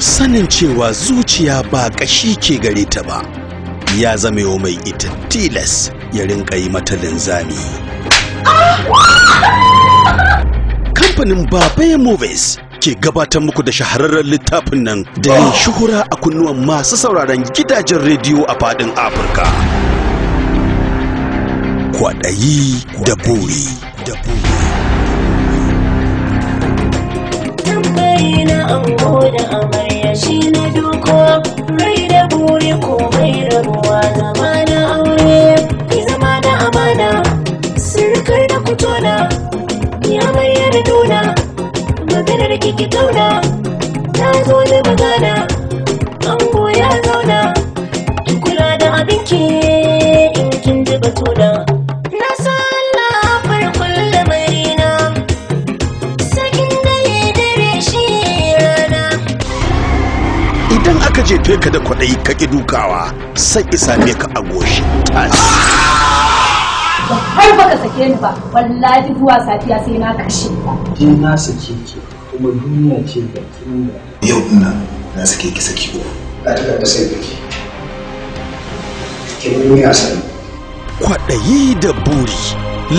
sanin cewa zuciya ba ƙashi ke gare ta ba ya zame wa mai ita tilas ya rinka yi mata linzami kamfanin babaye movies ke gabatar muku da shahararren littafin nan da yin shuhura a kunnuwan masu sauraron gidajen rediyo a faɗin afirka kwaɗayi da buri da buri ki ki zauna na zo da magana ango ya zauna ki kula da abinki in kin ji batuna na salla sakin shi idan aka jefe ka da kwaɗayi ka ƙi dukawa sai isa agoshi, ka a goshi har baka sake ni ba wallahi zuwa safiya sai na kashe ka je na sake ki kuma duniya ce da kinga yau ina na sake ki saki uku a takarda sai da ki ki ya sani kwaɗayi da buri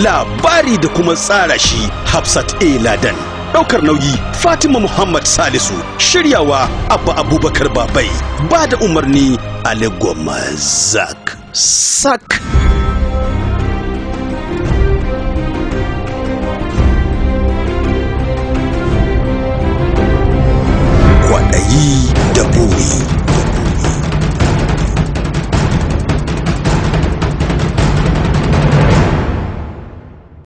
labari da kuma tsara shi hafsat a ladan ɗaukar nauyi fatima muhammad salisu shiryawa abba abubakar babai ba da umarni ali gomazak sak E